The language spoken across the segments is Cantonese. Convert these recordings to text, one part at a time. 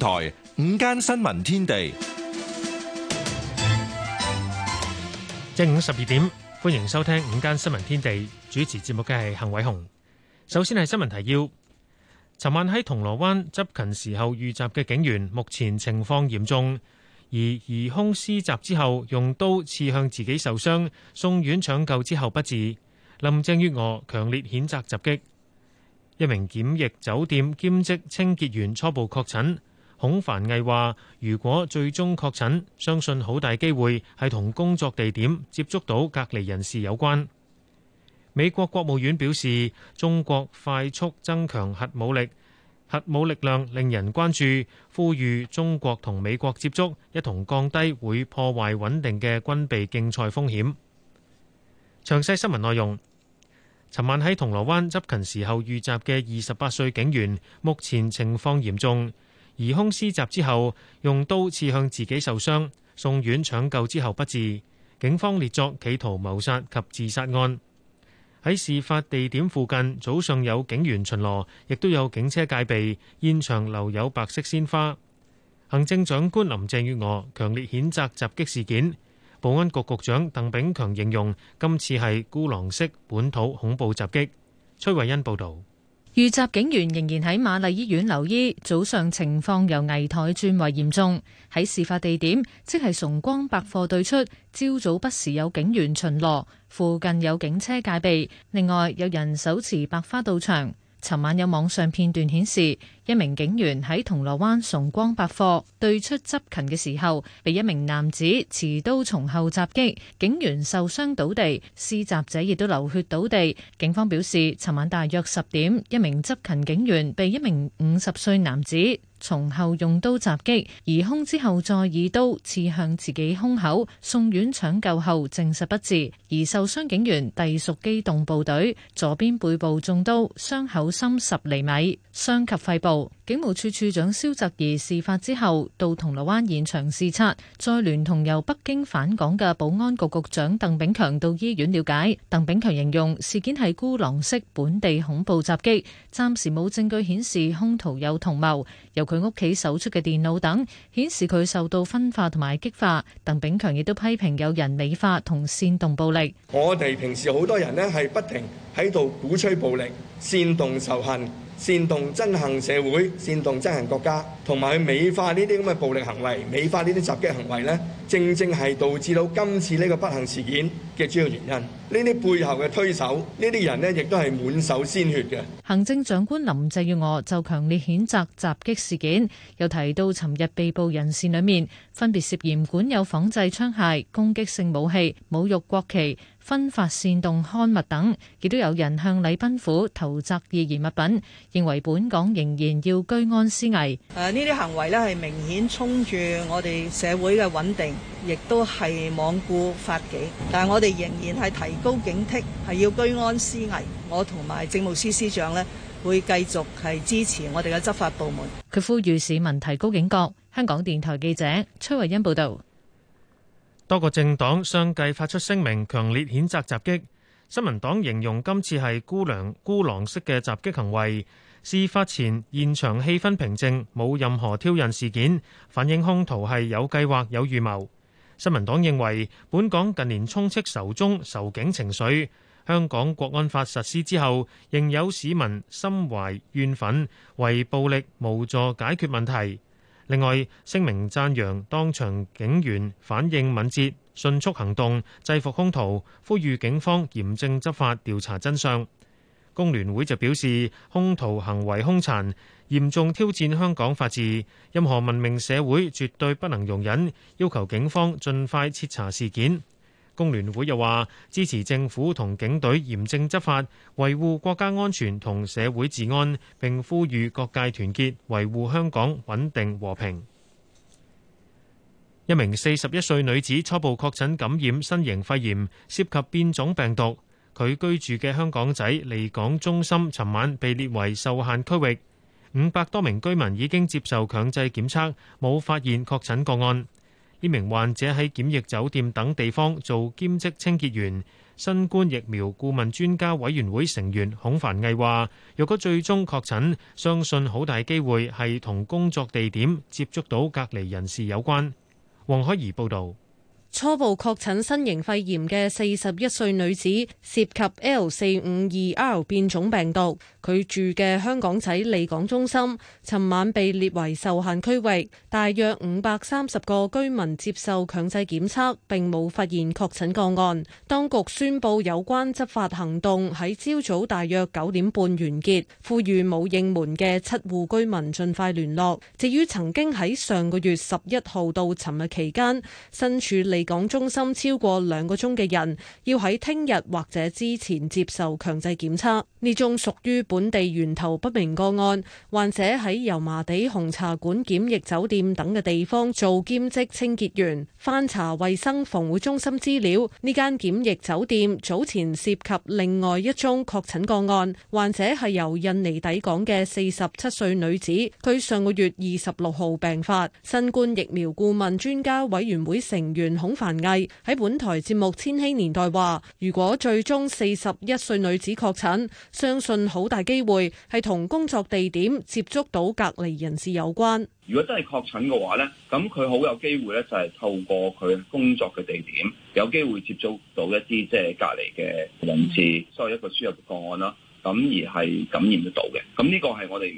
台午間新聞天地正午十二點，歡迎收聽午間新聞天地，主持節目嘅係幸偉雄。首先係新聞提要：尋晚喺銅鑼灣執勤時候遇襲嘅警員，目前情況嚴重；而疑兇施襲之後用刀刺向自己受傷，送院搶救之後不治。林鄭月娥強烈譴責襲擊。一名檢疫酒店兼職清潔員初步確診。孔凡毅話，如果最終確診，相信好大機會係同工作地點接觸到隔離人士有關。美國國務院表示，中國快速增強核武力，核武力量令人關注，呼籲中國同美國接觸，一同降低會破壞穩定嘅軍備競賽風險。詳細新聞內容，尋晚喺銅鑼灣執勤時候遇襲嘅二十八歲警員，目前情況嚴重。疑兇施襲之後，用刀刺向自己受傷，送院搶救之後不治。警方列作企圖謀殺及自殺案。喺事發地點附近，早上有警員巡邏，亦都有警車戒備。現場留有白色鮮花。行政長官林鄭月娥強烈譴責襲擊事件。保安局局長鄧炳強形容今次係孤狼式本土恐怖襲擊。崔慧欣報導。遇襲警員仍然喺瑪麗醫院留醫，早上情況由危殆轉為嚴重。喺事發地點，即係崇光百貨對出，朝早不時有警員巡邏，附近有警車戒備。另外，有人手持白花到場。尋晚有網上片段顯示。一名警員喺銅鑼灣崇光百貨對出執勤嘅時候，被一名男子持刀從後襲擊，警員受傷倒地，施襲者亦都流血倒地。警方表示，尋晚大約十點，一名執勤警員被一名五十歲男子從後用刀襲擊，移胸之後再以刀刺向自己胸口，送院搶救後證實不治。而受傷警員隸屬機動部隊，左邊背部中刀，傷口深十厘米，傷及肺部。警務處處長蕭澤頤事發之後到銅鑼灣現場視察，再聯同由北京返港嘅保安局局長鄧炳強到醫院了解。鄧炳強形容事件係孤狼式本地恐怖襲擊，暫時冇證據顯示兇徒有同謀。由佢屋企搜出嘅電腦等，顯示佢受到分化同埋激化。鄧炳強亦都批評有人美化同煽動暴力。我哋平時好多人呢係不停喺度鼓吹暴力、煽動仇恨。煽動憎恨社會，煽動憎恨國家，同埋去美化呢啲咁嘅暴力行為，美化呢啲襲擊行為呢，正正係導致到今次呢個不幸事件嘅主要原因。呢啲背後嘅推手，呢啲人呢亦都係滿手鮮血嘅。行政長官林鄭月娥就強烈譴責襲擊事件，又提到尋日被捕人士裡面，分別涉嫌管有仿製槍械、攻擊性武器、侮辱國旗、分發煽動刊物等，亦都有人向禮賓府投擲易燃物品。認為本港仍然要居安思危。誒，呢啲行為呢係明顯衝住我哋社會嘅穩定。亦都係罔顧法紀，但我哋仍然係提高警惕，係要居安思危。我同埋政務司司長咧，會繼續係支持我哋嘅執法部門。佢呼籲市民提高警覺。香港電台記者崔慧欣報道。多個政黨相繼發出聲明，強烈譴責襲擊。新聞黨形容今次係孤狼孤狼式嘅襲擊行為。事發前現場氣氛平靜，冇任何挑釁事件，反映兇徒係有計劃有預謀。新民黨認為，本港近年充斥仇中仇警情緒，香港國安法實施之後，仍有市民心懷怨憤，為暴力無助解決問題。另外聲明讚揚當場警員反應敏捷、迅速行動，制服兇徒，呼籲警方嚴正執法，調查真相。工聯會就表示，兇徒行為兇殘，嚴重挑戰香港法治，任何文明社會絕對不能容忍。要求警方盡快徹查事件。工聯會又話，支持政府同警隊嚴正執法，維護國家安全同社會治安。並呼籲各界團結，維護香港穩定和平。一名四十一歲女子初步確診感染新型肺炎，涉及變種病毒。佢居住嘅香港仔離港中心，尋晚被列為受限區域。五百多名居民已經接受強制檢測，冇發現確診個案。呢名患者喺檢疫酒店等地方做兼職清潔員，新冠疫苗顧問專家委員會成員孔凡毅話，若果最終確診，相信好大機會係同工作地點接觸到隔離人士有關。黃海怡報道。初步確診新型肺炎嘅四十一歲女子涉及 L 四五二 R 變種病毒，佢住嘅香港仔利港中心，尋晚被列為受限區域，大約五百三十個居民接受強制檢測，並冇發現確診個案。當局宣布有關執法行動喺朝早大約九點半完結，呼籲冇應門嘅七戶居民盡快聯絡。至於曾經喺上個月十一號到尋日期間身處利港中心超過兩個鐘嘅人要喺聽日或者之前接受強制檢測。呢宗屬於本地源頭不明個案，患者喺油麻地紅茶館檢疫酒店等嘅地方做兼職清潔員，翻查衛生防護中心資料。呢間檢疫酒店早前涉及另外一宗確診個案，患者係由印尼抵港嘅四十七歲女子，佢上個月二十六號病發。新冠疫苗顧問專家委員會成員樊毅喺本台節目《千禧年代》話：如果最終四十一歲女子確診，相信好大機會係同工作地點接觸到隔離人士有關。如果真係確診嘅話呢，咁佢好有機會咧，就係透過佢工作嘅地點，有機會接觸到一啲即係隔離嘅人士，所謂一個輸入個案啦。咁而係感染得到嘅，咁呢個係我哋誒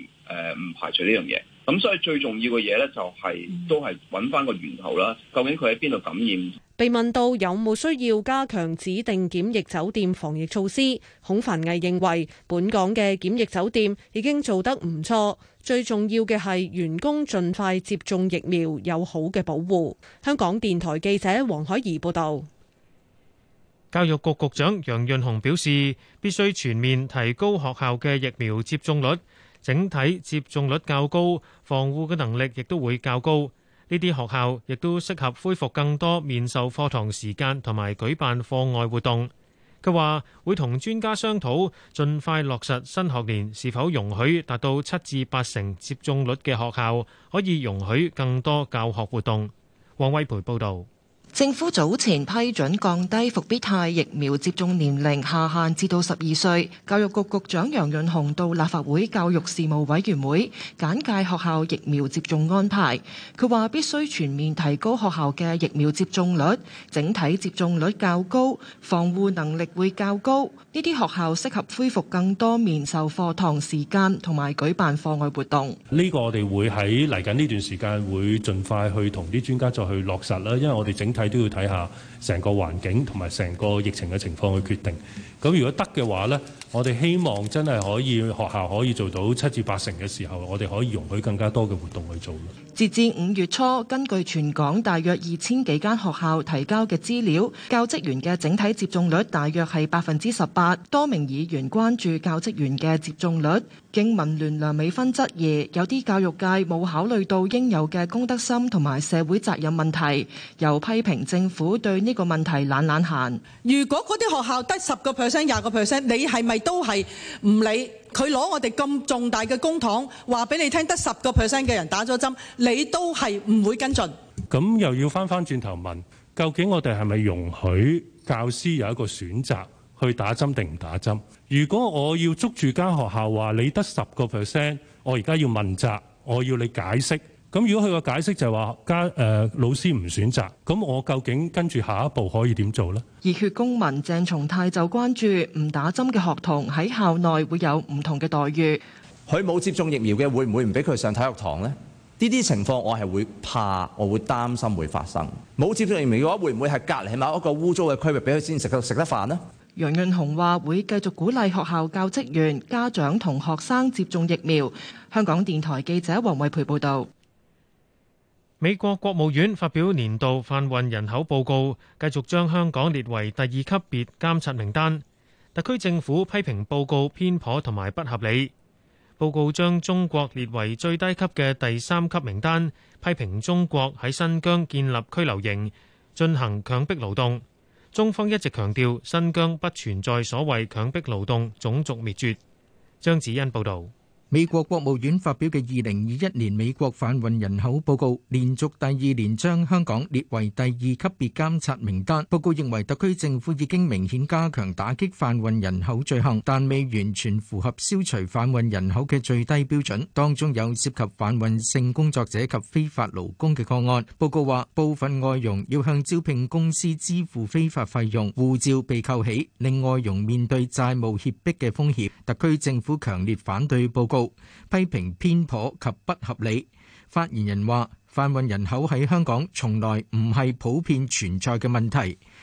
唔排除呢樣嘢。咁所以最重要嘅嘢咧，就係都係揾翻個源頭啦。究竟佢喺邊度感染？被問到有冇需要加強指定檢疫酒店防疫措施，孔繁毅認為本港嘅檢疫酒店已經做得唔錯，最重要嘅係員工盡快接種疫苗有好嘅保護。香港電台記者黃海怡報導。教育局局長楊潤雄表示，必須全面提高學校嘅疫苗接種率。整體接種率較高，防護嘅能力亦都會較高。呢啲學校亦都適合恢復更多面授課堂時間同埋舉辦課外活動，佢話會同專家商討盡快落實新學年是否容許達到七至八成接種率嘅學校可以容許更多教學活動，黃惠培報道。政府早前批准降低復必泰疫苗接種年齡下限至到十二歲。教育局局長楊潤雄到立法會教育事務委員會，簡介學校疫苗接種安排。佢話必須全面提高學校嘅疫苗接種率，整體接種率較高，防護能力會較高。呢啲學校適合恢復更多面授課堂時間同埋舉辦課外活動。呢個我哋會喺嚟緊呢段時間會盡快去同啲專家再去落實啦，因為我哋整體。都要睇下。成個環境同埋成個疫情嘅情況去決定。咁如果得嘅話呢，我哋希望真係可以學校可以做到七至八成嘅時候，我哋可以容許更加多嘅活動去做。截至五月初，根據全港大約二千幾間學校提交嘅資料，教職員嘅整體接種率大約係百分之十八。多名議員關注教職員嘅接種率。經民聯梁美芬質疑，有啲教育界冇考慮到應有嘅公德心同埋社會責任問題，又批評政府對呢呢個問題懶懶閒。如果嗰啲學校得十個 percent、廿個 percent，你係咪都係唔理？佢攞我哋咁重大嘅公帑話俾你聽，得十個 percent 嘅人打咗針，你都係唔會跟進。咁又要返返轉頭問，究竟我哋係咪容許教師有一個選擇去打針定唔打針？如果我要捉住間學校話你得十個 percent，我而家要問責，我要你解釋。咁如果佢個解釋就係話家誒老師唔選擇，咁，我究竟跟住下一步可以點做咧？熱血公民鄭松泰就關注唔打針嘅學童喺校內會有唔同嘅待遇。佢冇接種疫苗嘅會唔會唔俾佢上體育堂咧？呢啲情況我係會怕，我會擔心會發生冇接種疫苗嘅話會唔會係隔離，起碼一個污糟嘅區域俾佢先食得食得飯咧？楊潤雄話會繼續鼓勵學校教職員家長同學生接種疫苗。香港電台記者黃慧培報道。美國國務院發表年度販運人口報告，繼續將香港列為第二級別監察名單。特區政府批評報告偏頗同埋不合理。報告將中國列為最低級嘅第三級名單，批評中國喺新疆建立拘留營，進行強迫勞動。中方一直強調新疆不存在所謂強迫勞動、種族滅絕。張子欣報道。美國國務院發表嘅二零二一年美國販運人口報告，連續第二年將香港列為第二級別監察名單。報告認為特區政府已經明顯加強打擊販運人口罪行，但未完全符合消除販運人口嘅最低標準。當中有涉及販運性工作者及非法勞工嘅個案。報告話，部分外傭要向招聘公司支付非法費用，護照被扣起，令外傭面對債務脅迫嘅風險。特區政府強烈反對報告。批評偏頗及不合理。發言人話：販運人口喺香港從來唔係普遍存在嘅問題。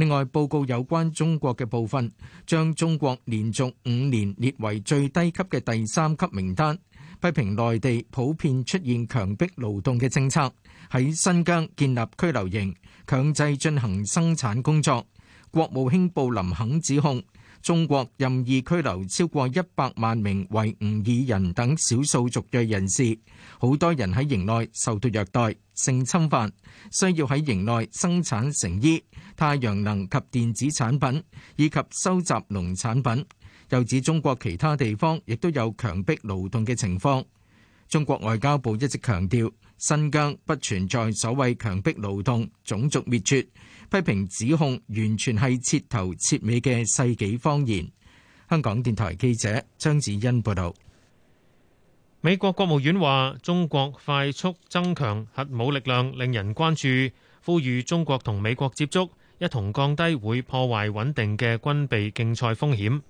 另外，報告有關中國嘅部分，將中國連續五年列為最低級嘅第三級名單，批評內地普遍出現強迫勞動嘅政策，喺新疆建立拘留營，強制進行生產工作。國務卿布林肯指控，中國任意拘留超過一百萬名維吾爾人等少數族裔人士，好多人喺營內受到虐待、性侵犯，需要喺營內生產成衣、太陽能及電子產品，以及收集農產品。又指中國其他地方亦都有強迫勞動嘅情況。中國外交部一直強調，新疆不存在所謂強迫勞動、種族滅絕。批評指控完全係徹頭徹尾嘅世紀謊言。香港電台記者張子欣報道。美國國務院話：中國快速增強核武力量令人關注，呼籲中國同美國接觸，一同降低會破壞穩定嘅軍備競賽風險。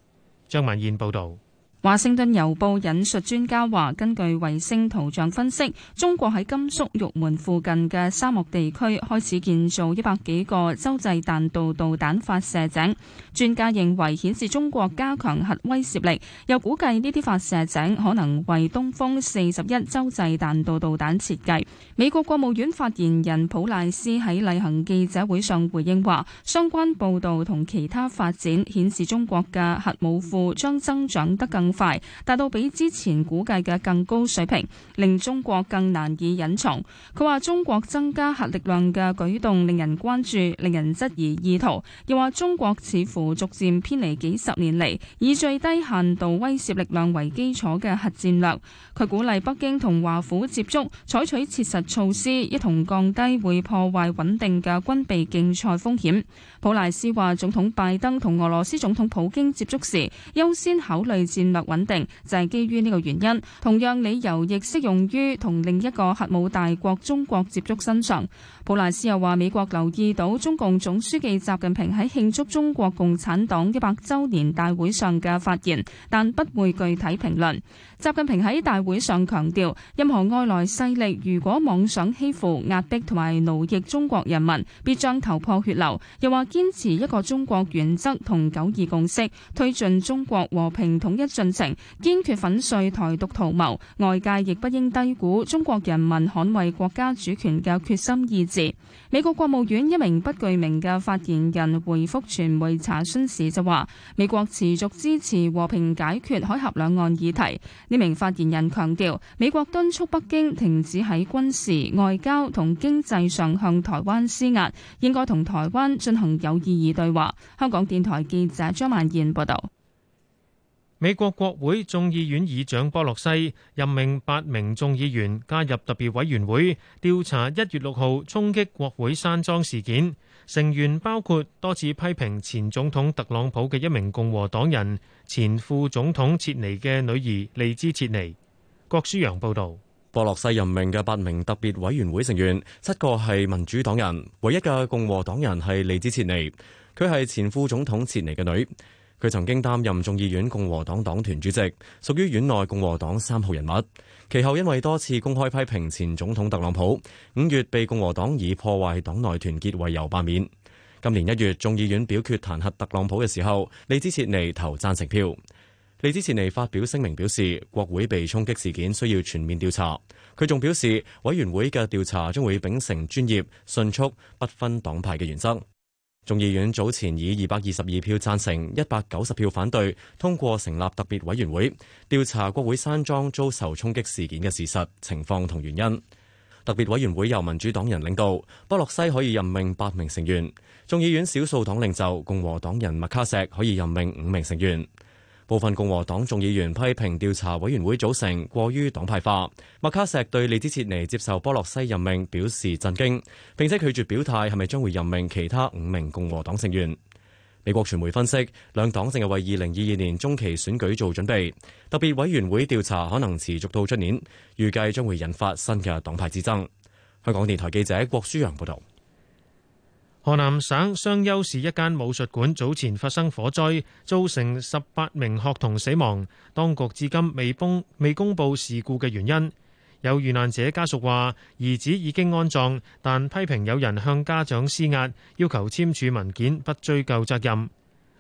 張文燕報導。華盛頓郵報引述專家話，根據衛星圖像分析，中國喺甘肅玉門附近嘅沙漠地區開始建造一百幾個洲際彈道導彈發射井。專家認為顯示中國加強核威懾力，又估計呢啲發射井可能為東風四十一洲際彈道導彈設計。美國國務院發言人普賴斯喺例行記者會上回應話，相關報道同其他發展顯示中國嘅核武庫將增長得更。快達到比之前估計嘅更高水平，令中國更難以隱藏。佢話中國增加核力量嘅舉動令人關注，令人質疑意圖。又話中國似乎逐漸偏離幾十年嚟，以最低限度威懾力量為基礎嘅核戰略。佢鼓勵北京同華府接觸，採取切實措施，一同降低會破壞穩定嘅軍備競賽風險。普萊斯話，總統拜登同俄羅斯總統普京接觸時，優先考慮戰略穩定就係、是、基於呢個原因，同樣理由亦適用於同另一個核武大國中國接觸身上。普賴斯又話：美國留意到中共總書記習近平喺慶祝中國共產黨一百周年大會上嘅發言，但不會具體評論。習近平喺大會上強調，任何外來勢力如果妄想欺負、壓迫同埋奴役中國人民，必將頭破血流。又話堅持一個中國原則同九二共識，推進中國和平統一進程，堅決粉碎台獨圖謀。外界亦不應低估中國人民捍衛國家主權嘅決心意志。美國國務院一名不具名嘅發言人回覆傳媒查詢時就話：美國持續支持和平解決海峽兩岸議題。呢名發言人強調，美國敦促北京停止喺軍事、外交同經濟上向台灣施壓，應該同台灣進行有意義對話。香港電台記者張曼燕報道。美國國會眾議院議長波洛西任命八名眾議員加入特別委員會調查一月六號衝擊國會山莊事件。成員包括多次批評前總統特朗普嘅一名共和黨人、前副總統切尼嘅女兒利茲切尼。郭舒陽報道，波洛西任命嘅八名特別委員會成員，七個係民主黨人，唯一嘅共和黨人係利茲切尼，佢係前副總統切尼嘅女。佢曾經擔任眾議院共和黨黨團主席，屬於院內共和黨三號人物。其後因為多次公開批評前總統特朗普，五月被共和黨以破壞黨內團結為由罷免。今年一月，眾議院表決彈劾特朗普嘅時候，利茲切尼投贊成票。利茲切尼發表聲明表示，國會被衝擊事件需要全面調查。佢仲表示，委員會嘅調查將會秉承專業、迅速、不分黨派嘅原則。眾議院早前以二百二十二票讚成、一百九十票反對通過成立特別委員會，調查國會山莊遭受衝擊事件嘅事實、情況同原因。特別委員會由民主黨人領導，波洛西可以任命八名成員；眾議院少數黨領袖共和黨人麥卡錫可以任命五名成員。部分共和黨眾議員批評調查委員會組成過於黨派化。麥卡錫對利茲切尼接受波洛西任命表示震驚，並且拒絕表態係咪將會任命其他五名共和黨成員。美國傳媒分析，兩黨正係為二零二二年中期選舉做準備。特別委員會調查可能持續到出年，預計將會引發新嘅黨派之爭。香港電台記者郭舒陽報道。河南省商丘市一間武術館早前發生火災，造成十八名學童死亡。當局至今未公未公佈事故嘅原因。有遇難者家屬話，兒子已經安葬，但批評有人向家長施壓，要求簽署文件，不追究責任。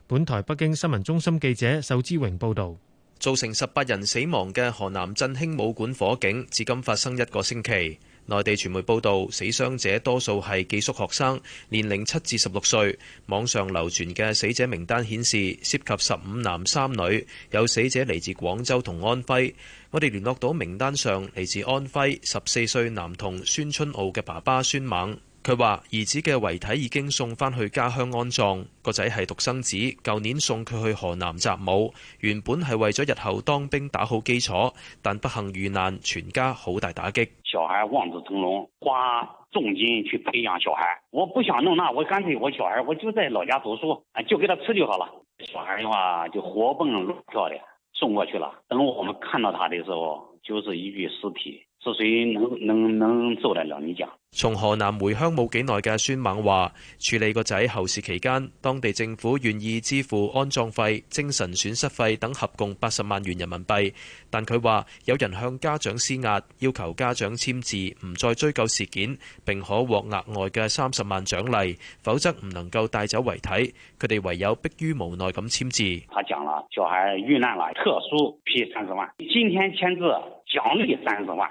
本台北京新聞中心記者仇之榮報道，造成十八人死亡嘅河南振興武館火警，至今發生一個星期。內地傳媒報道，死傷者多數係寄宿學生，年齡七至十六歲。網上流傳嘅死者名單顯示，涉及十五男三女，有死者嚟自廣州同安徽。我哋聯絡到名單上嚟自安徽十四歲男童孫春傲嘅爸爸孫猛。佢話兒子嘅遺體已經送翻去家鄉安葬。個仔係獨生子，舊年送佢去河南習武，原本係為咗日後當兵打好基礎，但不幸遇難，全家好大打擊。小孩望子成龍，花重金去培養小孩。我不想弄那，我乾脆我小孩我就在老家讀書，就給他吃就好了。小孩嘅話就活蹦亂跳嘅，送過去了。等我們看到他的時候，就是一具屍體。是誰能能能做得到？你講。從河南回鄉冇幾耐嘅孫猛話，處理個仔後事期間，當地政府願意支付安葬費、精神損失費等合共八十萬元人民幣。但佢話有人向家長施壓，要求家長簽字唔再追究事件，並可獲額外嘅三十萬獎勵，否則唔能夠帶走遺體。佢哋唯有迫於無奈咁簽字。他講啦，小孩遇難啦，特殊批三十萬，今天簽字獎勵三十萬。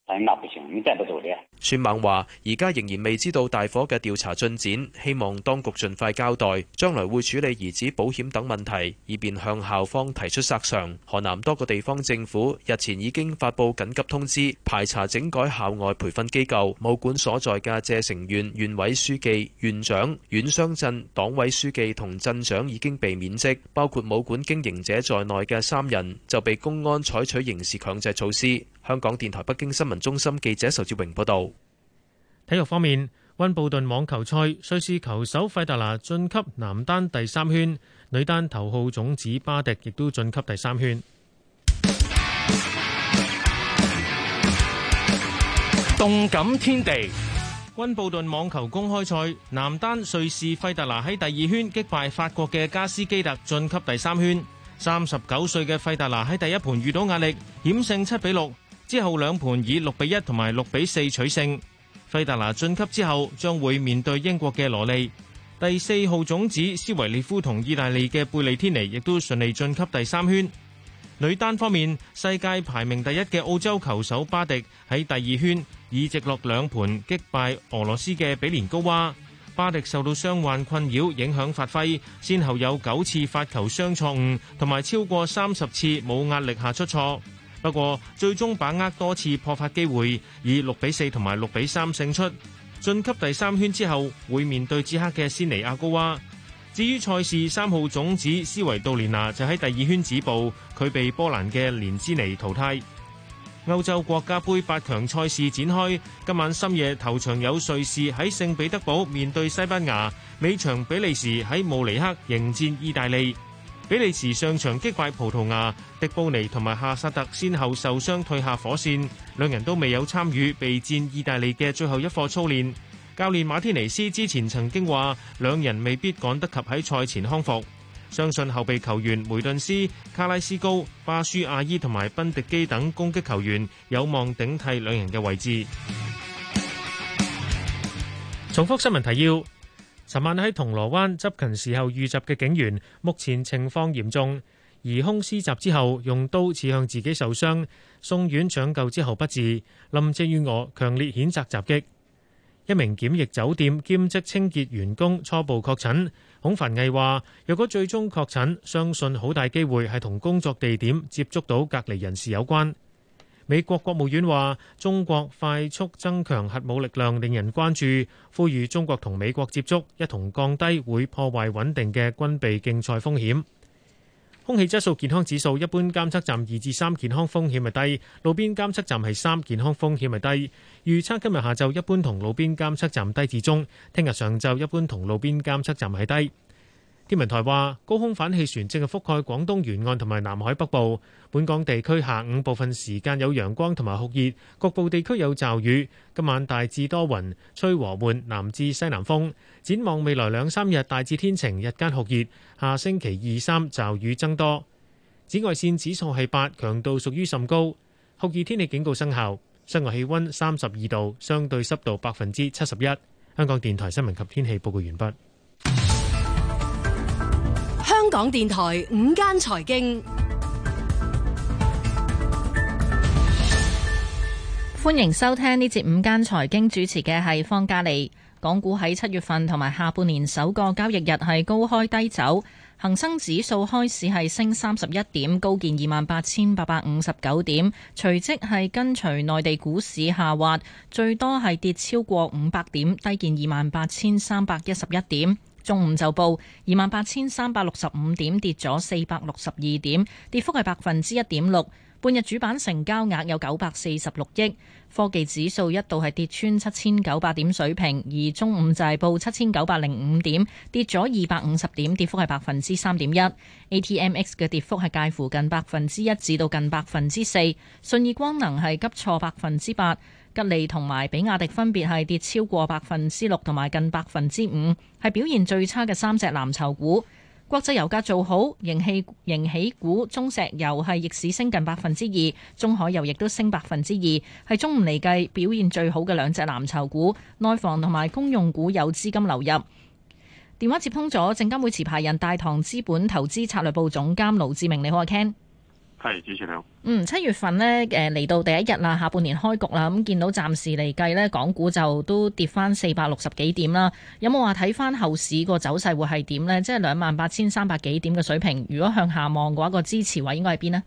喺鴨嘅前，你真係冇道孫猛話：而家仍然未知道大火嘅調查進展，希望當局盡快交代。將來會處理兒子保險等問題，以便向校方提出索償。河南多個地方政府日前已經發布緊急通知，排查整改校外培訓機構。武館所在嘅謝城縣縣委書記、縣長、縣雙鎮黨委書記同鎮長已經被免職，包括武館經營者在內嘅三人就被公安採取刑事強制措施。香港電台北京新聞中心記者仇志榮報道。體育方面，溫布頓網球賽瑞士球手費達拿晉級男單第三圈，女單頭號種子巴迪亦都晉級第三圈。動感天地，溫布頓網球公開賽男單瑞士費達拿喺第二圈擊敗法國嘅加斯基特晉級第三圈。三十九歲嘅費達拿喺第一盤遇到壓力，險勝七比六。之後兩盤以六比一同埋六比四取勝，費達拿晉級之後將會面對英國嘅羅利。第四號種子斯維列夫同意大利嘅貝利天尼亦都順利晉級第三圈。女單方面，世界排名第一嘅澳洲球手巴迪喺第二圈以直落兩盤擊敗俄羅斯嘅比連高娃。巴迪受到傷患困擾，影響發揮，先後有九次發球雙錯誤，同埋超過三十次冇壓力下出錯。不過最終把握多次破發機會，以六比四同埋六比三勝出，晉級第三圈之後會面對捷克嘅斯尼亞高娃。至於賽事三號種子斯維杜蓮娜就喺第二圈止步，佢被波蘭嘅蓮斯尼淘汰。歐洲國家杯八強賽事展開，今晚深夜頭場有瑞士喺聖彼得堡面對西班牙，尾場比利時喺慕尼黑迎戰意大利。比利時上場擊敗葡萄牙，迪布尼同埋夏薩特先後受傷退下火線，兩人都未有參與備戰意大利嘅最後一課操練。教練馬天尼斯之前曾經話，兩人未必趕得及喺賽前康復。相信後備球員梅頓斯、卡拉斯高、巴舒亞伊同埋賓迪基等攻擊球員有望頂替兩人嘅位置。重複新聞提要。尋晚喺銅鑼灣執勤時候遇襲嘅警員，目前情況嚴重，疑凶施襲之後用刀刺向自己受傷，送院搶救之後不治，林鄭月娥強烈譴責襲擊。一名檢疫酒店兼職清潔員工初步確診，孔凡毅話：若果最終確診，相信好大機會係同工作地點接觸到隔離人士有關。美國國務院話，中國快速增強核武力量令人關注，呼籲中國同美國接觸，一同降低會破壞穩定嘅軍備競賽風險。空氣質素健康指數，一般監測站二至三，健康風險係低；路邊監測站係三，健康風險係低。預測今日下晝一般同路邊監測站低至中，聽日上晝一般同路邊監測站係低。天文台話，高空反氣旋正係覆蓋廣東沿岸同埋南海北部。本港地區下午部分時間有陽光同埋酷熱，局部地區有驟雨。今晚大致多雲，吹和緩南至西南風。展望未來兩三日大致天晴，日間酷熱。下星期二三驟雨增多。紫外線指數係八，強度屬於甚高。酷熱天氣警告生效。室外氣溫三十二度，相對濕度百分之七十一。香港電台新聞及天氣報告完畢。香港電台午間財經，歡迎收聽呢節午間財經，主持嘅係方嘉莉。港股喺七月份同埋下半年首個交易日係高開低走，恒生指數開始係升三十一點，高見二萬八千八百五十九點，隨即係跟隨內地股市下滑，最多係跌超過五百點，低見二萬八千三百一十一點。中午就報二萬八千三百六十五點，跌咗四百六十二點，跌幅係百分之一點六。半日主板成交額有九百四十六億，科技指數一度係跌穿七千九百點水平，而中午就係報七千九百零五點，跌咗二百五十點，跌幅係百分之三點一。ATMX 嘅跌幅係介乎近百分之一至到近百分之四，信義光能係急挫百分之八，吉利同埋比亞迪分別係跌超過百分之六同埋近百分之五，係表現最差嘅三隻藍籌股。國際油價做好，油氣、油氣股中石油係逆市升近百分之二，中海油亦都升百分之二，係中午嚟計表現最好嘅兩隻藍籌股。內房同埋公用股有資金流入。電話接通咗，證監會持牌人大唐資本投資策略部總監盧志明，你好，阿 Ken。係支持你好。嗯，七月份咧，誒嚟到第一日啦，下半年開局啦，咁、嗯、見到暫時嚟計咧，港股就都跌翻四百六十幾點啦。有冇話睇翻後市個走勢會係點咧？即係兩萬八千三百幾點嘅水平，如果向下望嘅話，個支持位應該喺邊呢？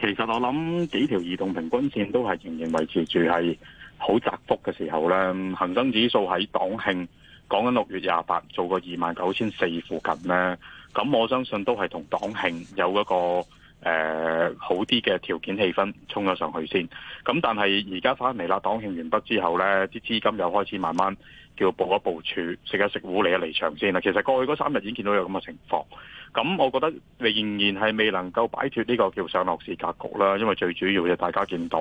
其實我諗幾條移動平均線都係仍然維持住係好窄幅嘅時候咧，恒生指數喺黨慶講緊六月廿八做個二萬九千四附近咧，咁我相信都係同黨慶有一個。誒、呃，好啲嘅條件氣氛衝咗上去先，咁但係而家翻嚟啦，黨慶完畢之後呢啲資金又開始慢慢叫步一步處食一食糊嚟一離場先啦。其實過去嗰三日已經見到有咁嘅情況，咁、嗯、我覺得仍然係未能夠擺脫呢個叫上落市格局啦。因為最主要嘅大家見到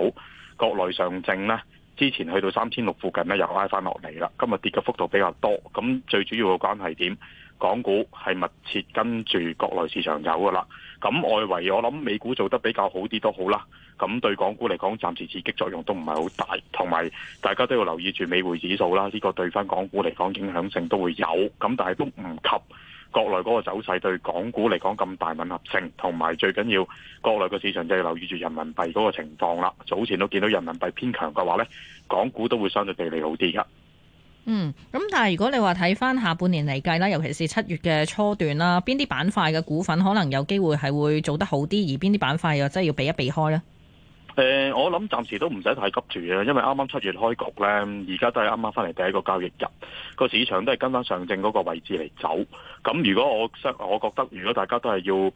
國內上證呢之前去到三千六附近呢又拉翻落嚟啦，今日跌嘅幅度比較多，咁最主要嘅關係點，港股係密切跟住國內市場走噶啦。咁外圍我諗美股做得比較好啲都好啦，咁對港股嚟講暫時刺激作用都唔係好大，同埋大家都要留意住美匯指數啦，呢個對翻港股嚟講影響性都會有，咁但係都唔及國內嗰個走勢對港股嚟講咁大吻合性，同埋最緊要國內嘅市場就要留意住人民幣嗰個情況啦。早前都見到人民幣偏強嘅話咧，港股都會相對地利好啲噶。嗯，咁但係如果你話睇翻下半年嚟計啦，尤其是七月嘅初段啦，邊啲板塊嘅股份可能有機會係會做得好啲，而邊啲板塊又真係要避一避開呢？誒、呃，我諗暫時都唔使太急住啊，因為啱啱七月開局呢，而家都係啱啱翻嚟第一個交易日，個市場都係跟翻上證嗰個位置嚟走。咁如果我我覺得，如果大家都係要誒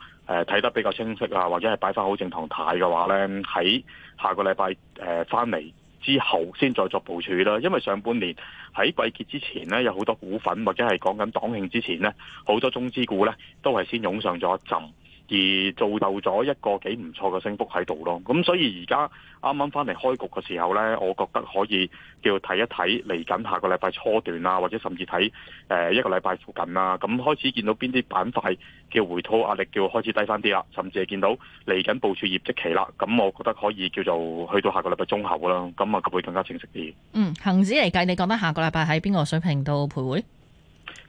睇、呃、得比較清晰啊，或者係擺翻好正常態嘅話呢，喺下個禮拜誒翻嚟。呃之後先再作部署啦，因為上半年喺季結之前咧，有好多股份或者係講緊黨慶之前咧，好多中資股咧都係先湧上咗一陣。而造就咗一個幾唔錯嘅升幅喺度咯，咁所以而家啱啱翻嚟開局嘅時候呢，我覺得可以叫睇一睇嚟緊下個禮拜初段啊，或者甚至睇誒、呃、一個禮拜附近啊，咁開始見到邊啲板塊叫回吐壓力叫開始低翻啲啦，甚至係見到嚟緊部署業績期啦，咁我覺得可以叫做去到下個禮拜中後啦，咁啊會更加清晰啲。嗯，恆指嚟計，你覺得下個禮拜喺邊個水平度徘徊？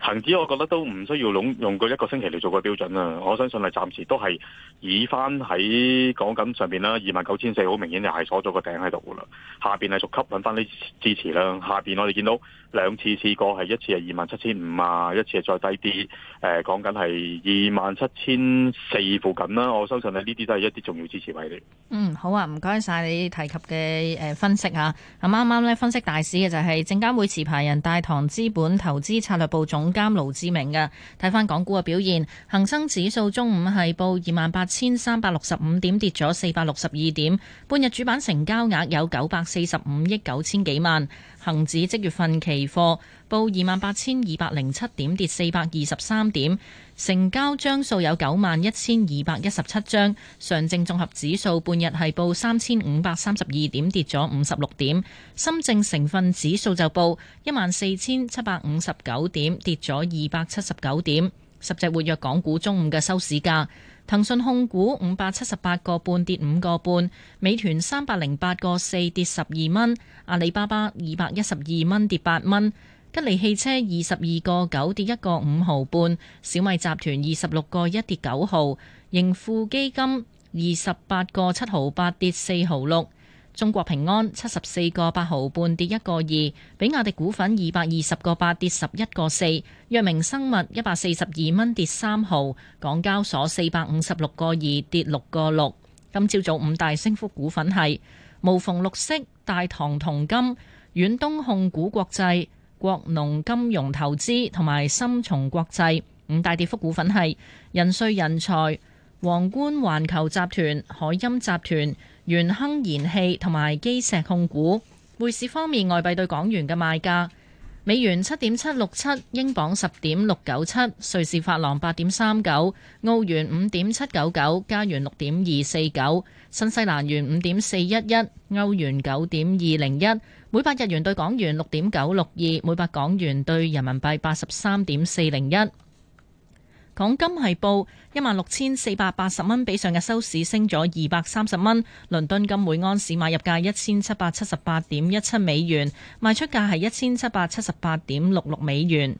恒指我覺得都唔需要用個一個星期嚟做個標準啦，我相信係暫時都係以翻喺講緊上邊啦，二萬九千四好明顯又係鎖咗個頂喺度噶啦，下邊係續吸引翻啲支持啦，下邊我哋見到兩次試過係一次係二萬七千五啊，一次係再低啲，誒講緊係二萬七千四附近啦，我相信係呢啲都係一啲重要支持位嚟。嗯，好啊，唔該晒你提及嘅誒分析啊，咁啱啱咧分析大市嘅就係證監會持牌人大堂資本投資策略部總。監盧志明嘅。睇返港股嘅表現，恒生指數中午係報二萬八千三百六十五點，跌咗四百六十二點，半日主板成交額有九百四十五億九千幾萬，恒指即月份期貨，報二萬八千二百零七點，跌四百二十三點，成交張數有九萬一千二百一十七張。上證綜合指數半日係報三千五百三十二點，跌咗五十六點。深證成分指數就報一萬四千七百五十九點，跌咗二百七十九點。十隻活躍港股中午嘅收市價，騰訊控股五百七十八個半跌五個半，美團三百零八個四跌十二蚊，阿里巴巴二百一十二蚊跌八蚊。吉利汽車二十二個九跌一個五毫半，小米集團二十六個一跌九毫，盈富基金二十八個七毫八跌四毫六，中國平安七十四個八毫半跌一個二，比亞迪股份二百二十個八跌十一個四，藥明生物一百四十二蚊跌三毫，港交所四百五十六個二跌六個六。今朝早五大升幅股份係無縫綠色、大唐同金、遠東控股國際。國農金融投資同埋深重國際，五大跌幅股份係人瑞人才、皇冠環球集團、海音集團、元亨燃氣同埋基石控股。匯市方面，外幣對港元嘅賣價。美元七點七六七，英鎊十點六九七，瑞士法郎八點三九，澳元五點七九九，加元六點二四九，新西蘭元五點四一一，歐元九點二零一，每百日元對港元六點九六二，每百港元對人民幣八十三點四零一。港金係報一萬六千四百八十蚊，16，比上嘅收市升咗二百三十蚊。倫敦金每安士買入價一千七百七十八點一七美元，賣出價係一千七百七十八點六六美元。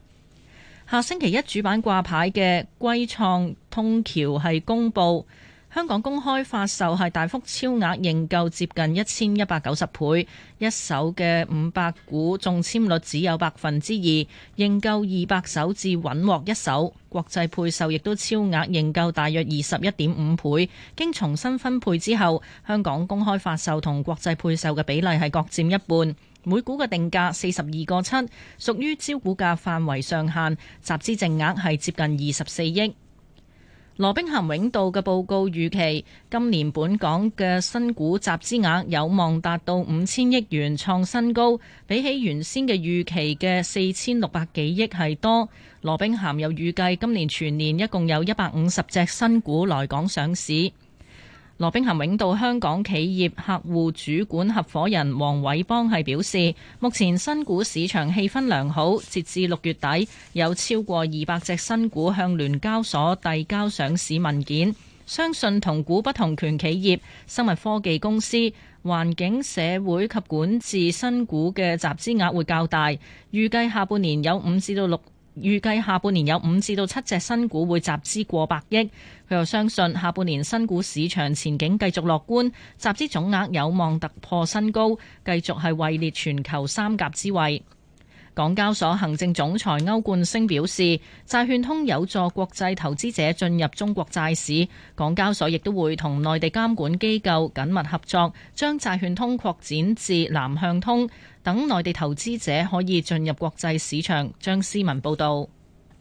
下星期一主板掛牌嘅歸創通橋係公布。香港公開發售係大幅超額認購，接近一千一百九十倍，一手嘅五百股中籤率只有百分之二，認購二百手至穩獲一手。國際配售亦都超額認購，大約二十一點五倍。經重新分配之後，香港公開發售同國際配售嘅比例係各佔一半。每股嘅定價四十二個七，屬於招股價範圍上限，集資淨額係接近二十四億。羅兵咸永道嘅報告預期，今年本港嘅新股集資額有望達到五千億元，創新高，比起原先嘅預期嘅四千六百幾億係多。羅兵咸又預計，今年全年一共有一百五十隻新股來港上市。羅兵咸永道香港企業客戶主管合夥人黃偉邦係表示，目前新股市場氣氛良好，截至六月底有超過二百隻新股向聯交所遞交上市文件。相信同股不同權企業、生物科技公司、環境、社會及管治新股嘅集資額會較大。預計下半年有五至到六預計下半年有五至到七隻新股會集資過百億，佢又相信下半年新股市場前景繼續樂觀，集資總額有望突破新高，繼續係位列全球三甲之位。港交所行政總裁歐冠昇表示，債券通有助國際投資者進入中國債市，港交所亦都會同內地監管機構緊密合作，將債券通擴展至南向通，等內地投資者可以進入國際市場。張思文報導。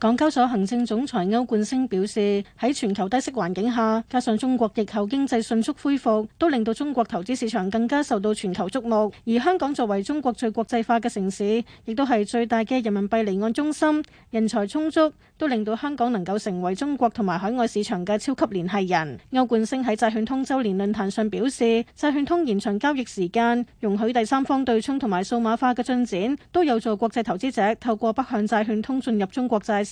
港交所行政總裁歐冠昇表示，喺全球低息環境下，加上中國疫後經濟迅速恢復，都令到中國投資市場更加受到全球矚目。而香港作為中國最國際化嘅城市，亦都係最大嘅人民幣離岸中心，人才充足，都令到香港能夠成為中國同埋海外市場嘅超級聯繫人。歐冠昇喺債券通周年論壇上表示，債券通延長交易時間，容許第三方對沖同埋數碼化嘅進展，都有助國際投資者透過北向債券通進入中國債。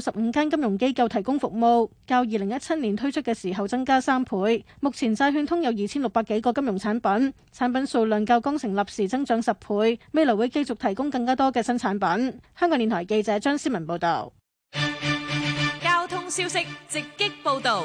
十五間金融機構提供服務，較二零一七年推出嘅時候增加三倍。目前債券通有二千六百幾個金融產品，產品數量較剛成立時增長十倍，未來會繼續提供更加多嘅新產品。香港電台記者張思文報道。交通消息直擊報道。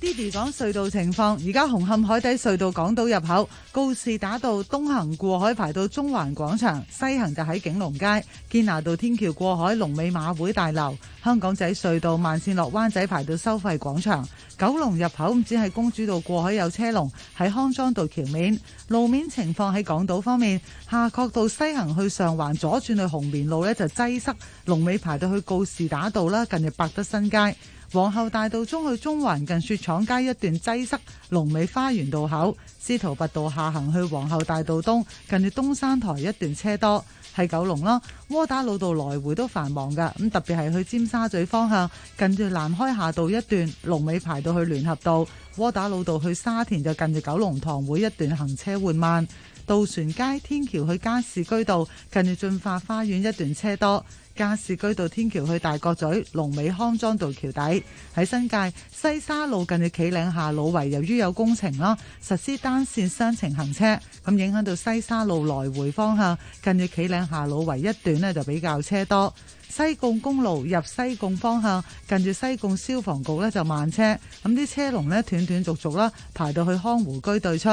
Diddy 講隧道情況，而家紅磡海底隧道港島入口告士打道東行過海排到中環廣場，西行就喺景隆街、堅拿道天橋過海、龍尾馬會大樓、香港仔隧道慢綫落灣仔排到收費廣場。九龍入口唔止喺公主道過海有車龍，喺康莊道橋面路面情況，喺港島方面，夏慤道西行去上環左轉去紅棉路呢就擠塞，龍尾排到去告士打道啦，近日百德新街。皇后大道中去中環近雪廠街一段擠塞，龍尾花園道口；司徒拔道下行去皇后大道東近住東山台一段車多，係九龍咯。窩打老道來回都繁忙噶，咁特別係去尖沙咀方向，近住南開下道一段龍尾排到去聯合道。窩打老道去沙田就近住九龍塘會一段行車緩慢。渡船街天橋去加士居道近住駿發花園一段車多。加士居道天橋去大角咀，龍尾康莊道橋底。喺新界西沙路近住企嶺下老圍，由於有工程啦，實施單綫雙程行車，咁影響到西沙路來回方向，近住企嶺下老圍一段呢，就比較車多。西貢公路入西貢方向，近住西貢消防局呢就慢車，咁啲車龍呢，斷斷續續啦，排到去康湖居對出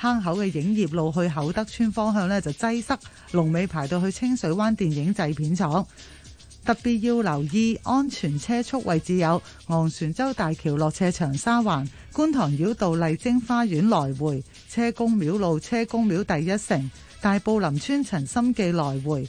坑口嘅影業路去厚德村方向呢，就擠塞，龍尾排到去清水灣電影製片廠。特別要留意安全車速位置有昂船洲大橋落斜長沙灣，觀塘繞道麗晶花園來回、車公廟路、車公廟第一城、大埔林村陳心記來回。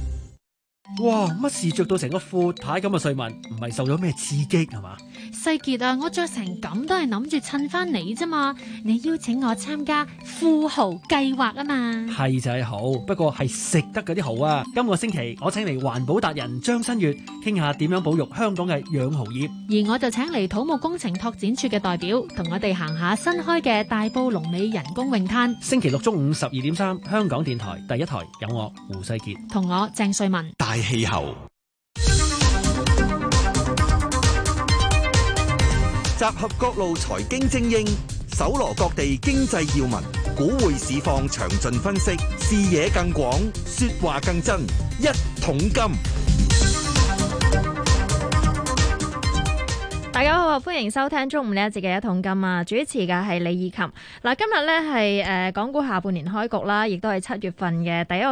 哇！乜事着到成個闊太咁嘅瑞文，唔係受咗咩刺激係嘛？世杰啊，我成着成咁都係諗住襯翻你啫嘛！你邀請我參加富豪計劃啊嘛？係就係好，不過係食得嗰啲蠔啊！今個星期我請嚟環保達人張新月，傾下點樣保育香港嘅養蠔業。而我就請嚟土木工程拓展署嘅代表，同我哋行下新開嘅大埔龍尾人工泳灘。星期六中午十二點三，香港電台第一台有我胡世杰同我鄭瑞文。氣候，集合各路財經精英，搜羅各地經濟要聞，股匯市況詳盡分析，視野更廣，說話更真。一桶金，大家好，歡迎收聽中午呢一節嘅一桶金啊！主持嘅係李以琴。嗱，今日呢係誒港股下半年開局啦，亦都係七月份嘅第一